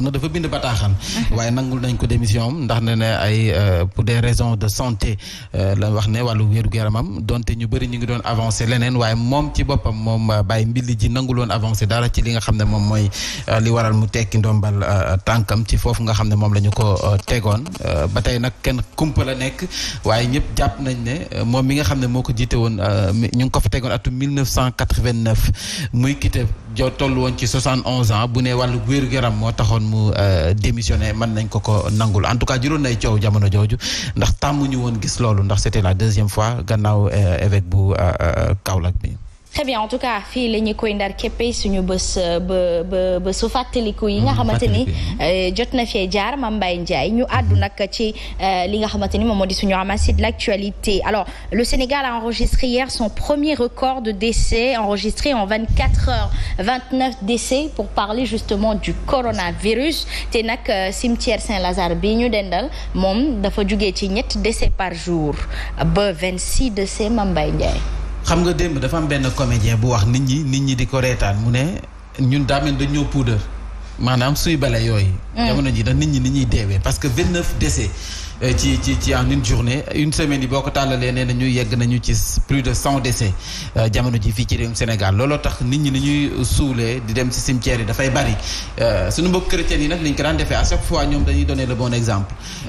waxoon na dafa bind bataaxal waaye nangul nañ ko démission am ndax na ne ay euh, pour des raisons de santé euh, la wax ne wàllu wéeru yaramam donte ñu bëri ñu ngi doon avancé leneen waaye moom ci boppam moom euh, bàyyi mbili ji nanguloon avancé dara ci li nga xam ne moom mooy li waral mu tekki ndombal tànkam ci foofu nga xam ne moom la ñu ko tegoon ba tey nag kenn kumpa la nekk waaye ñëpp jàpp nañ ne moom mi nga xam ne moo ko jiite woon ñu ngi ko fa tegoon atum 1989 muy quitté jo toll woon ci soixante onze ans bu ne wàllu wér yaram moo taxoon mu euh, démissionné mën nañ ko ko nangul en tout cas juróon nay coow jamono jooju ndax tàmmuñu woon gis loolu ndax c'était la deuxième fois gannaaw euh, évêque bu euh, Kaolack bi très bien en tout cas fii la ñu koy ndar képpee suñu bés ba ba ba su fàttaliku yi nga mm, xamante ni euh, jot na fee jaar Mame Mbaye Ndiaye ñu àddu mm-hmm. nag ci euh, li nga xamante ni moom moo di suñu ramassis de l'actualité alors le Sénégal a enregistré hier son premier record de décès enregistré en 24 heures 29 décès pour parler justement du coronavirus te nag euh, cimetière Saint-Lazare bi ñu dendal moom dafa jugee ci ñett décès par jour ba 26 décès Mame Mbaye Ndiaye xam nga démb dafa am benn comédien bu wax nit ñi nit ñi di ko reetaan mu ne ñun daa mel dañoo puudar maanaam suy bale yooyu. Mm. jamono ji da nit ñi ni ñuy deewee parce que vingt neuf décès Euh, ci ci ci en une journée une semaine yi boo ko tàllalee nee nañu yegg nañu ci plus de cent décès euh, jamono ji fii ci réewum Sénégal looloo tax nit ñi ni ñuy suulee di dem ci cimetière yi dafay bari euh, suñu mbokk chrétiens yi nag ni ñu ko daan defee à chaque fois ñoom dañuy donner le bon exemple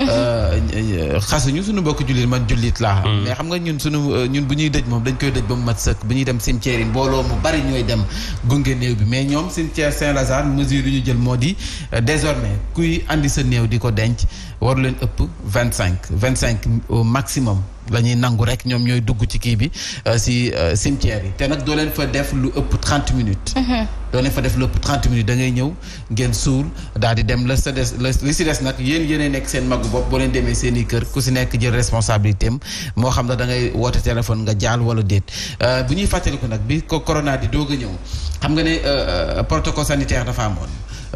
xasuñu suñu mbokk jullit man jullit laa mm. mais xam nga ñun suñu ñun bu ñuy dëj moom dañ koy dëj ba mu mat sëkk bu ñuy dem cimetière yi mbooloo mu bari ñooy dem gunge néew bi mais ñoom cimetière Saint-Lazare mesure yu ñu jël moo di désormais kuy andi sa néew di ko denc war leen vingt cinq vingt cinq au maximum la ñuy nangu rek ñoom ñooy dugg ci kii bi euh, si euh, cimetière yi te nag doo leen fa def lu ëpp trente minutes. Mhm. doo leen fa def lu ëpp trente minutes da ngay ñëw ngeen suul daal di dem la sa des la li si des nag yéen yéenay nekk seen magu bopp boo leen demee seen i kër ku si nekk jël responsabilité moo xam da ngay woote téléphone nga jaal wala déet euh, bu ñuy fàttaliku nag bi ko corona di a ñëw xam nga ne protocole sanitaire dafa amoon.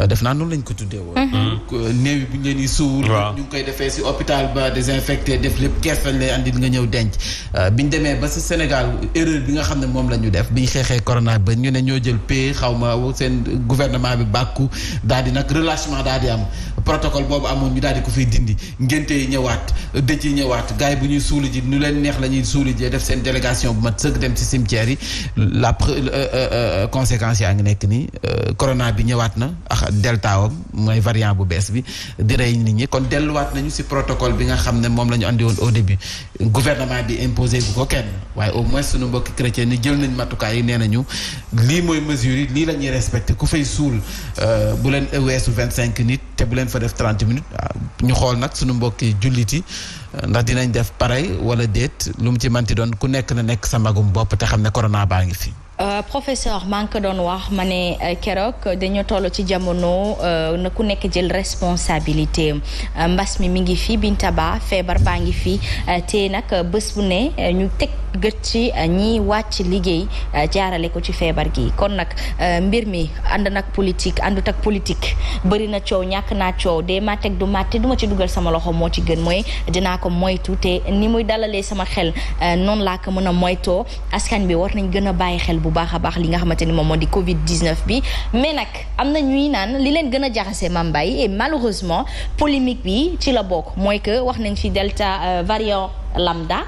def naa noonu lañ ko tuddee woon. Mhm. néew yi bu ñu leen di suul. ñu ngi koy defee si hôpital ba désinfecté def lépp kees lañ Covid nga ñëw denc euh, bi ñu demee ba si Sénégal erreur bi nga xam ne moom la ñu def bi ñu xeexee corona ba ñu ne ñoo jël pay xaw ma seen gouvernement bi bàkku daal di nag relâchement daal di am protocole boobu amoon ñu daal di ko fiy dindi ngénte yi ñëwaat dëj yi ñëwaat gars bu ñuy suuli ji nu leen neex la ñuy suuli jee def seen délégation bu mat sëkk dem ci si cimetière yi la euh, euh, conséquence yaa ngi nekk nii corona bi ñëwaat na ak delta wam mooy variant bu bees bi di rey nit ñi kon delluwaat nañu si protocole bi nga xam ne moom la ñu andi woon au gouvernement bi imposé bu ko kenn waaye au moins sunu mbokki chrétien ni jël nañ matukaay yi nee nañu lii mooy mesure yi lii la ñuy respecté ku fay suul euh, bu leen weesu vingt cinq nit te bu leen fa def trente minutes ñu xool nag sunu mbokki jullit yi euh, ndax dinañ def pareil wala déet lu mu ci manti doon ku nekk na nekk sa magum bopp te xam ne corona baa ngi fi. Uh, professeur maa ngi ko doon wax ma ne euh, keroog dañoo toll ci jamono uh, na ku nekk jël responsabilité euh, mbas mi mi ngi fi Binta Ba feebar baa ngi fi euh, te nag bés bu ne ñu teg gët ci ñiy wàcc liggéey jaarale ko ci feebar gi kon nag mbir mi ànd nag politique àndut ak politique bëri na coow ñàkk naa coow de ma teg du ma du ma ci dugal sama loxo moo ci gën mooy dinaa ko moytu te ni muy dalalee sama xel noonu laa ko mën a moytoo askan bi war nañ gën a bàyyi xel. bu baax a baax li nga xamante ni moom moo di Covid 19 bi mais nag am na ñuy naan li leen gën a jaxase Mambaye et malheureusement polémique bi ci la bokk mooy que wax nañ fi delta euh, variant lambda.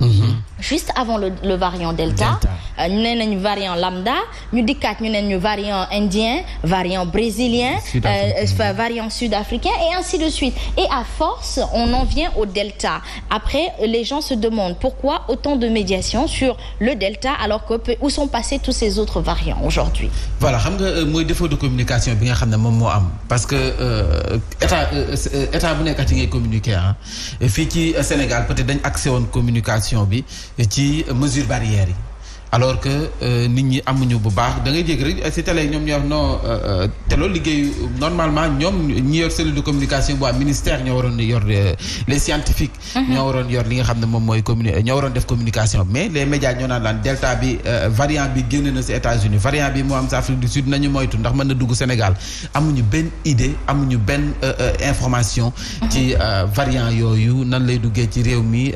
Mhm. juste avant le le variant delta. delta. ñu ne nañu variant lambda ñu dikkaat ñu ne ñu variant indien variant brésilien euh, variant sud-africain et ainsi de suite et à force on en vient au delta après les gens se demandent pourquoi autant de médiation sur le delta alors que où sont passés tous ces autres variants aujourd'hui voilà xam nga euh, mooy défaut de communication bi nga xam ne moom moo am parce que euh, état euh, état bu nekk ci ngay communiquer ah fii ci Sénégal peut-être dañ accès woon communication bi ci mesures barrières yi alors que euh, nit ñi amuñu bu baax da ngay jéggi rek si télé ñoom ñuy wax non euh, euh, te loolu liggéeyu normalement ñoom ñi yor cellule de communication bu am ministère ñoo waroon yor les scientifiques. Mhm. ñoo waroon yor li nga xam ne moom mooy communi ñoo waroon def communication mais les médias ñoo naan laan delta bi variant bi génn na si États-Unis variant bi moo am si Afrique du Sud nañu moytu ndax mën na dugg Sénégal amuñu benn idée amuñu benn information. Mhm. ci variant yooyu nan lay duggee ci réew mi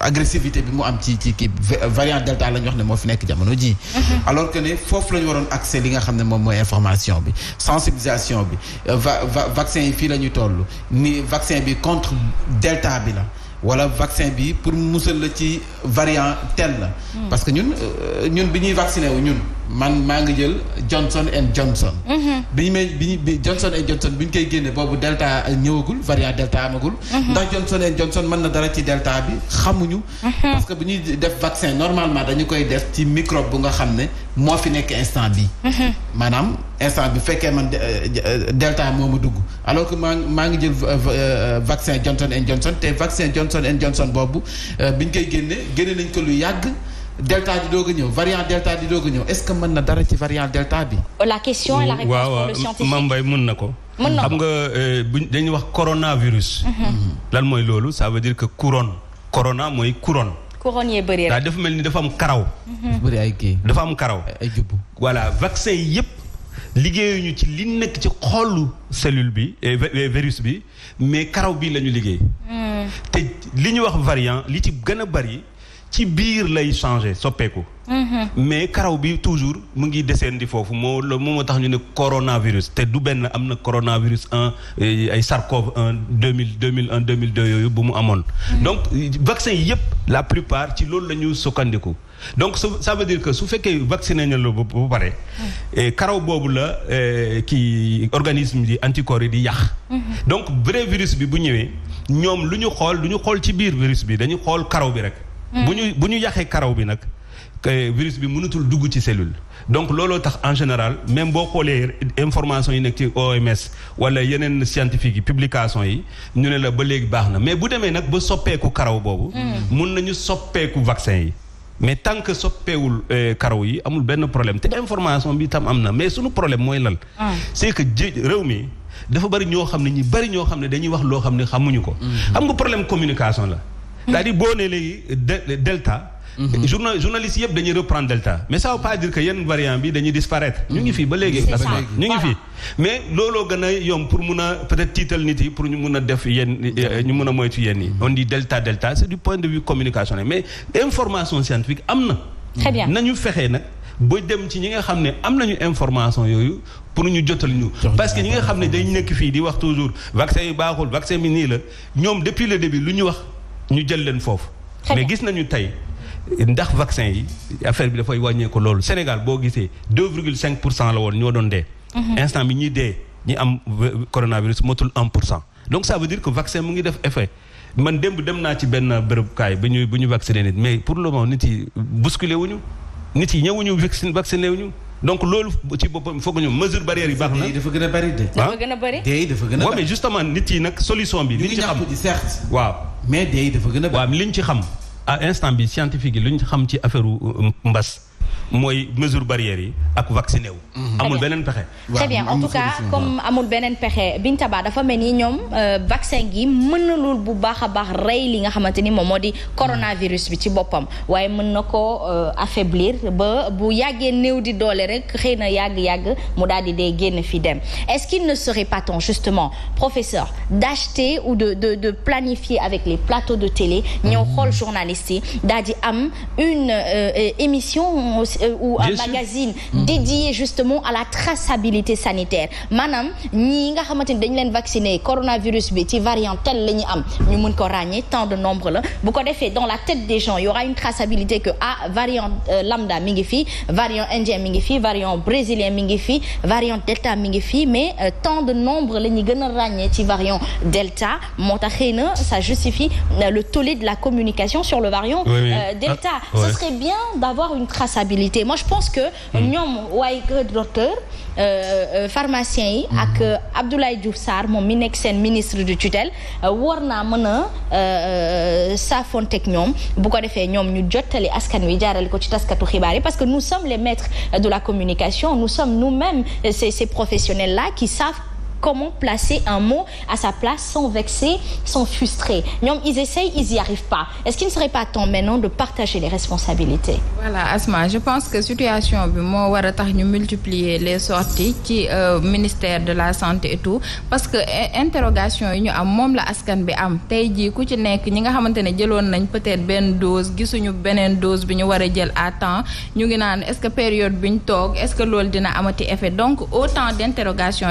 agressivité bi mu am ci ci kii. variant delta la wax ne moo fi nekk jamono ji mhm. alors que ne foofu la ñu waroon accès li nga xam ne moom mooy information bi sensibilisation bi euh, va va vaccin yi fii la ñu toll ni vaccin bi contre delta bi la wala vaccin bi pour musal la ci variant tel la mhm. parce que ñun euh, ñun bi ñuy vacciné wu ñun man maa ngi jël Johnson and Johnson. Mhm. bi ñu may bi ñu Johnson and Johnson bi ñu koy génnee boobu Delta ñëwagul variant Delta amagul. Mhm. ndax Johnson and Johnson man na dara ci Delta bi xamuñu. Mhm. parce que bi ñuy def vaccin normalement dañu koy def ci microbe bu nga xam ne moo fi nekk instant bi maanaam instant bi fekkee man euh, euh, Delta moom ma dugg alors que maa maa ngi jël euh, vaccin Johnson and Johnson te vaccin Johnson and Johnson boobu bi ñu koy génne génne nañ ko lu yàgg. delta di doog a ñëw a ñëw est-ce que mën na dara ci variant delta bi. la question et la réponse pour waaw Mbaye mën na ko. mën na ko xam nga euh, buñ dañuy wax coronavirus. Mhm. Mhm. lan mooy loolu ça dire que couronne. corona mooy couronne. couronne yee bëree rek dafa mel ni dafa am karaw. Mhm. bëri ay kii dafa am karaw. ay jubbu voilà vaccin yépp liggéeyuñu ci li nekk ci xoolu cellule bi euh, euh, virus bi mais karaw bi lañu liggéey. te li ñu wax variant li ci gën a bari. ci biir lay changé soppeeku. Mm-hmm. mais karaw bi toujours mu ngi deseen di foofu moo la moo tax ñu ne coronavirus te du benn am na coronavirus un eh, ay sarcove un deux mille deux mille un deux mille yooyu bu mu amoon. Mm-hmm. donc vaccin yépp la plupart ci loolu la ñu sukkandiku. donc ça veut dire que su fekkee vacciné na la ba pare. Mm-hmm. Eh, karaw boobu la eh, kii organisme di anticorps yi di yàq. donc vrai virus bi bu ñëwee ñoom lu ñu xool lu ñu xool ci biir virus bi dañu xool karaw bi rek. Mm. bu ñu bu ñu yàqee karaw bi nag virus bi mënatul dugg ci cellule donc looloo tax en général même boo xoolee information yi nekk ci OMS wala yeneen scientifique yi publication yi ñu ne la ba léegi baax na mais bu demee nag ba soppeeku karaw boobu mm. mun nañu soppeeku vaccin yi mais tant que soppeewul euh, karaw yi amul benn problème te information bi tam am na mais suñu problème mooy lan ah. c'est que réew mi dafa bari ñoo xam ne ñu bari ñoo xam ne dañuy wax loo xam ne xamuñu ko mm. xam nga problème communication la c'est-à-dire boo nee léegi delta. Mhm. journal journaliste yëpp dañuy reprendre delta mais ça pas dire que yenn variant bi dañuy disparaître. Mhm. ñu ngi fii ba léegi. ñu ngi fii mais looloo gën a yomb pour mun a peut-être tiital nit yi pour ñu mun a def yenn euh, ñu mun a moytu yenn yi. on dit delta delta c'est du point de vue communicationnel mais information scientifique am na. très ñu nañu fexe nag ba dem ci ñi nga xam ne am nañu information yooyu. pour ñu jotal ñu parce que ñi nga xam ne dañ nekk fii di wax toujours vaccin nii la ñoom depuis le début lu ñu wax. ñu jël leen foofu. mais gis nañu tey ndax vaccin yi affaire bi dafay wàññeeku loolu Sénégal boo gisee 2,5 pour cent la woon ñoo doon dee. Mhm. instant bi ñuy dee ñi am coronavirus motul 1 pour cent donc ça veut dire que vaccin mu ngi def effet. man dem dem naa ci benn bërëbkaay bu ñu bu ñu vacciné nit mais pour le moment nit yi bousculé wuñu nit yi ñëwuñu vaccin vacciné wuñu donc loolu ci boppam foog ñu mesure barrière yi baax na. dafa gën a bari dafa gën a bari de ah. dafa gën a bari mais justement nit yi nag solution bi. li ñu ci xam waaw. mais de dafa gën a bari. waaw li ñu ci xam à instant bi scientifique yi li ñu ci xam ci affaire euh, mbas. mooy mesure barrière yi ak vacciné wu. Mhm. amul beneen pexe. très bien amul beneen pexe Binta Ba dafa mel ni ñoom euh, vaccin gi mën na mënalul bu baax a baax rey li nga xamante ni moom moo di coronavirus bi ci boppam waaye mën na koo euh, affaiblir ba bu yàggee néew di doole rek xëy na yàgg-yàgg mu daal di dee génn fi dem est-ce qu'il ne serait pas temps justement professeur d'acheter ou de de de planifier avec les plateaux de télé ñëw mhm. xool journalistes yi daal am une euh, émission euh, ou un magazine mmh. justement à la traçabilité sanitaire maanaam ñii nga xamante ni dañ leen vacciner coronavirus bi ci variant tel la ñu am ñu mën ko ràññee tant de nombre la bu ko defee dans la tête des gens y aura une traçabilité que ah variant euh, lambda mi ngi fii variant indien mi ngi fii variant brésilien mi ngi fii variant delta mi ngi fii mais euh, de nombre la gën a ràññee ci variant delta moo tax xëy na ça justifie euh, le tollé de la communication sur le variant euh, delta ah, ce serait bien d'avoir une habilité moi je pense que hmm. ñoom waay docteur euh, euh, pharmacien yi hmm. ak euh, Abdoulaye Diouf Sarr moom mi nekk seen ministre du tutelle war naa mën a saafonteeg ñoom bu ko defee ñoom ñu jottali askan wi jaarale ko ci taskatu xibaar yi parce que nous sommes les maîtres de la communication nous sommes nous-mêmes ces professionnels là qui savent comment placer un mot à sa place sans vexer sans frustrer ñoom ils essayent ils y arrivent pas est-ce qu'il ne serait pas temps maintenant de partager les responsabilités voilà Asma je pense que situation bi moo war a tax ñu multiplier les sorties ci euh, ministère de la santé et tout parce que interogation yi ñu am moom la askan bi am tey jii ku ci nekk ñi nga xamante ne jëloon nañ peut-être benn dose gisuñu beneen dose bi ñu war a jël à temps ñu ngi naan est-ce que période bi ñu toog est-ce que loolu dina amati effet donc autant d'interrogations